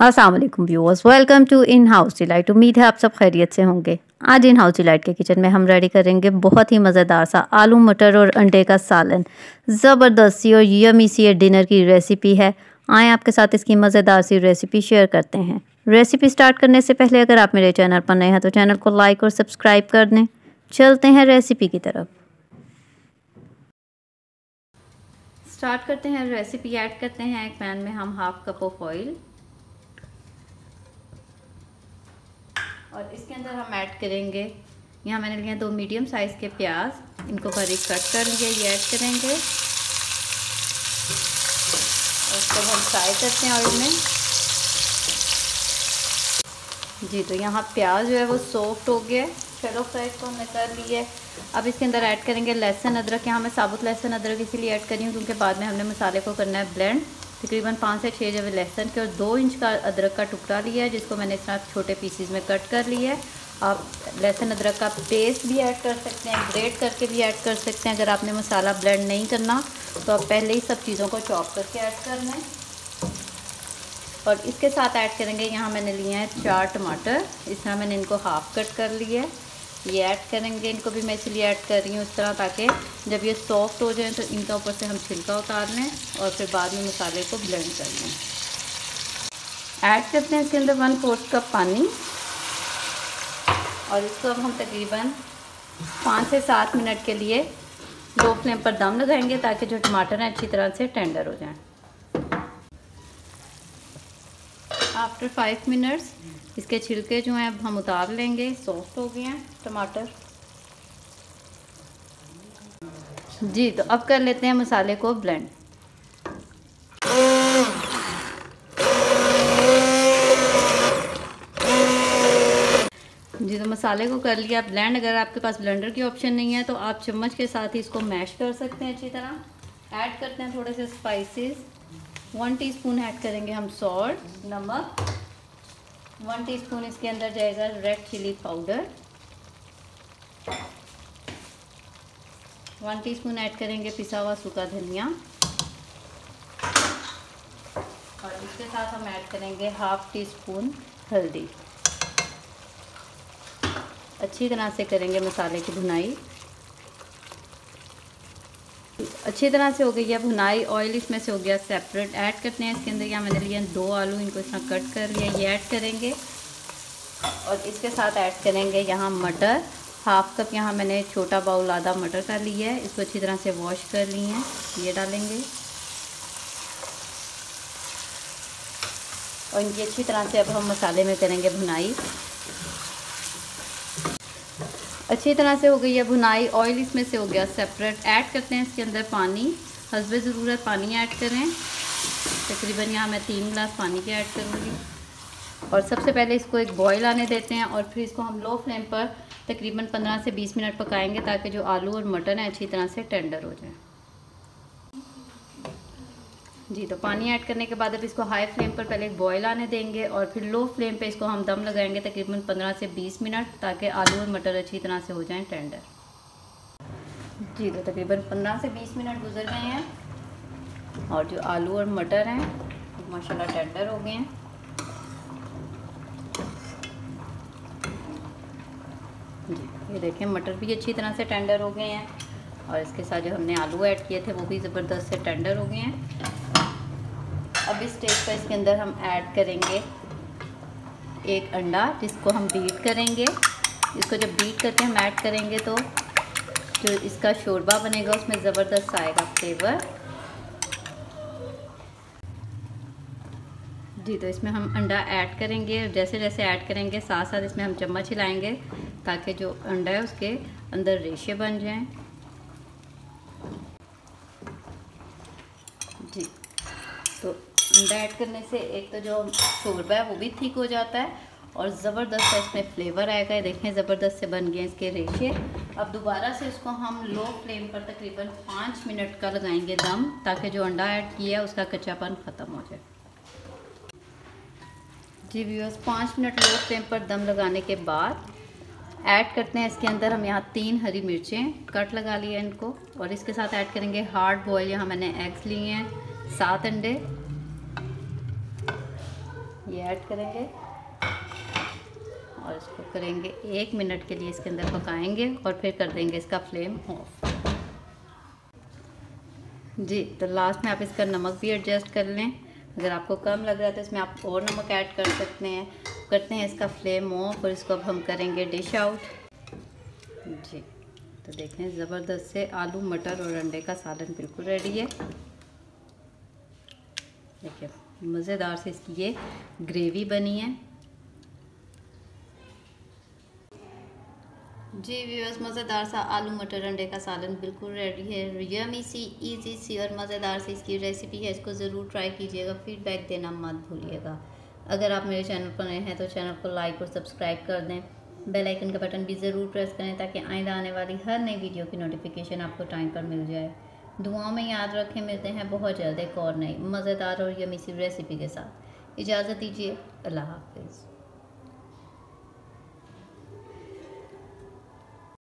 Aslam viewers welcome to In House Delight उम्मीद है आप सब खैरियत से होंगे आज इन हाउस डिलाइट के किचन में हम रेडी करेंगे बहुत ही मज़ेदार सा आलू मटर और अंडे का सालन ज़बरदस्त सी और यमी सी डिनर की रेसिपी है आए आपके साथ इसकी मज़ेदार सी रेसिपी शेयर करते हैं रेसिपी स्टार्ट करने से पहले अगर आप मेरे चैनल पर नए हैं तो चैनल को लाइक और सब्सक्राइब कर दें चलते हैं रेसिपी की तरफ स्टार्ट करते हैं रेसिपी ऐड करते हैं एक पैन में हम हाफ कप ऑफ ऑयल और इसके अंदर हम ऐड करेंगे यहाँ मैंने लिया दो मीडियम साइज़ के प्याज इनको बारीक कट कर लिए ये ऐड करेंगे इसको हम फ्राई करते हैं ऑयल में जी तो यहाँ प्याज जो है वो सॉफ्ट हो गया है शैलो फ्राई को हमने कर लिया है अब इसके अंदर ऐड करेंगे लहसुन अदरक यहाँ मैं साबुत लहसुन अदरक इसीलिए ऐड करी हूँ क्योंकि बाद में हमने मसाले को करना है ब्लेंड तकरीबन पाँच से छः जब लहसन के और दो इंच का अदरक का टुकड़ा लिया है जिसको मैंने इस तरह छोटे पीसीज में कट कर लिया है आप लहसन अदरक का पेस्ट भी ऐड कर सकते हैं ग्रेट करके भी ऐड कर सकते हैं अगर आपने मसाला ब्लेंड नहीं करना तो आप पहले ही सब चीज़ों को चॉप करके ऐड कर लें और इसके साथ ऐड करेंगे यहाँ मैंने लिए हैं चार टमाटर इस तरह मैंने इनको हाफ कट कर लिया है ये ऐड करेंगे इनको भी मैं इसीलिए ऐड कर रही हूँ इस तरह ताकि जब ये सॉफ्ट हो जाए तो इनके ऊपर से हम छिलका उतार लें और फिर बाद में मसाले को ब्लेंड कर लें ऐड करते हैं इसके अंदर वन फोर्थ कप पानी और इसको अब हम तकरीबन पाँच से सात मिनट के लिए लो फ्लेम पर दम लगाएंगे ताकि जो टमाटर हैं अच्छी तरह से टेंडर हो जाएं आफ्टर फाइव मिनट्स इसके छिलके जो हैं अब हम उतार लेंगे सॉफ्ट हो गए हैं टमाटर जी तो अब कर लेते हैं मसाले को ब्लेंड जी तो मसाले को कर लिया ब्लेंड अगर आपके पास ब्लेंडर की ऑप्शन नहीं है तो आप चम्मच के साथ ही इसको मैश कर सकते हैं अच्छी तरह ऐड करते हैं थोड़े से स्पाइसेस वन टीस्पून ऐड करेंगे हम सॉल्ट नमक वन टीस्पून इसके अंदर जाएगा red chilli powder one teaspoon add करेंगे पिसा हुआ सूखा धनिया और इसके साथ हम ऐड करेंगे हाफ टी स्पून हल्दी अच्छी तरह से करेंगे मसाले की भुनाई अच्छी तरह से हो गई है भुनाई ऑयल इसमें से हो गया सेपरेट ऐड करते हैं इसके अंदर यहाँ मैंने लिए दो आलू इनको इतना कट कर लिया ये ऐड करेंगे और इसके साथ ऐड करेंगे यहाँ मटर हाफ कप यहाँ मैंने छोटा बाउल आधा मटर का लिया है इसको अच्छी तरह से वॉश कर ली है ये डालेंगे और इनकी अच्छी तरह से अब हम मसाले में करेंगे भुनाई अच्छी तरह से हो गई है भुनाई ऑयल इसमें से हो गया सेपरेट ऐड करते हैं इसके अंदर पानी हसब ज़रूरत पानी ऐड करें तकरीबन यहाँ मैं तीन गिलास पानी के ऐड करूँगी और सबसे पहले इसको एक बॉयल आने देते हैं और फिर इसको हम लो फ्लेम पर तकरीबन 15 से 20 मिनट पकाएंगे ताकि जो आलू और मटन है अच्छी तरह से टेंडर हो जाए जी तो पानी ऐड करने के बाद अब इसको हाई फ्लेम पर पहले बॉयल आने देंगे और फिर लो फ्लेम पे इसको हम दम लगाएंगे तकरीबन 15 से 20 मिनट ताकि आलू और मटर अच्छी तरह से हो जाएं टेंडर जी तो तकरीबन 15 से 20 मिनट गुजर गए हैं और जो आलू और मटर हैं तो माशाल्लाह टेंडर हो गए हैं जी ये देखें मटर भी अच्छी तरह से टेंडर हो गए हैं और इसके साथ जो हमने आलू ऐड किए थे वो भी ज़बरदस्त से टेंडर हो गए हैं अब इस स्टेज पर इसके अंदर हम ऐड करेंगे एक अंडा जिसको हम बीट करेंगे इसको जब बीट करके हम ऐड करेंगे तो जो इसका शोरबा बनेगा उसमें ज़बरदस्त आएगा फ्लेवर जी तो इसमें हम अंडा ऐड करेंगे जैसे जैसे ऐड करेंगे साथ साथ इसमें हम चम्मच हिलाएंगे ताकि जो अंडा है उसके अंदर रेशे बन जाएं जी तो अंडा ऐड करने से एक तो जो शोरबा है वो भी ठीक हो जाता है और ज़बरदस्त इसमें फ्लेवर आएगा देखें ज़बरदस्त से बन गए इसके रेशे अब दोबारा से इसको हम लो फ्लेम पर तकरीबन पाँच मिनट का लगाएंगे दम ताकि जो अंडा ऐड किया है उसका कच्चापन ख़त्म हो जाए जी व्यूअर्स पाँच मिनट लो फ्लेम पर दम लगाने के बाद ऐड करते हैं इसके अंदर हम यहाँ तीन हरी मिर्चें कट लगा लिए इनको और इसके साथ ऐड करेंगे हार्ड बॉयल यहाँ मैंने एग्स लिए हैं सात अंडे ये ऐड करेंगे और इसको करेंगे एक मिनट के लिए इसके अंदर पकाएंगे और फिर कर देंगे इसका फ्लेम ऑफ जी तो लास्ट में आप इसका नमक भी एडजस्ट कर लें अगर आपको कम लग रहा है तो इसमें आप और नमक ऐड कर सकते हैं करते हैं इसका फ्लेम ऑफ और इसको अब हम करेंगे डिश आउट जी तो देखें ज़बरदस्त से आलू मटर और अंडे का सालन बिल्कुल रेडी है देखिए मज़ेदार से इसकी ये ग्रेवी बनी है जी व्यूअर्स मज़ेदार सा आलू मटर अंडे का सालन बिल्कुल रेडी है यमी सी इजी सी और मज़ेदार सी इसकी रेसिपी है इसको ज़रूर ट्राई कीजिएगा फीडबैक देना मत भूलिएगा अगर आप मेरे चैनल पर नए हैं तो चैनल को लाइक और सब्सक्राइब कर दें बेल आइकन का बटन भी ज़रूर प्रेस करें ताकि आइंदा आने वाली हर नई वीडियो की नोटिफिकेशन आपको टाइम पर मिल जाए दुआओं में याद रखें मिलते हैं बहुत जल्द एक और नई मज़ेदार और यमी सी रेसिपी के साथ इजाज़त दीजिए अल्लाह हाफिज़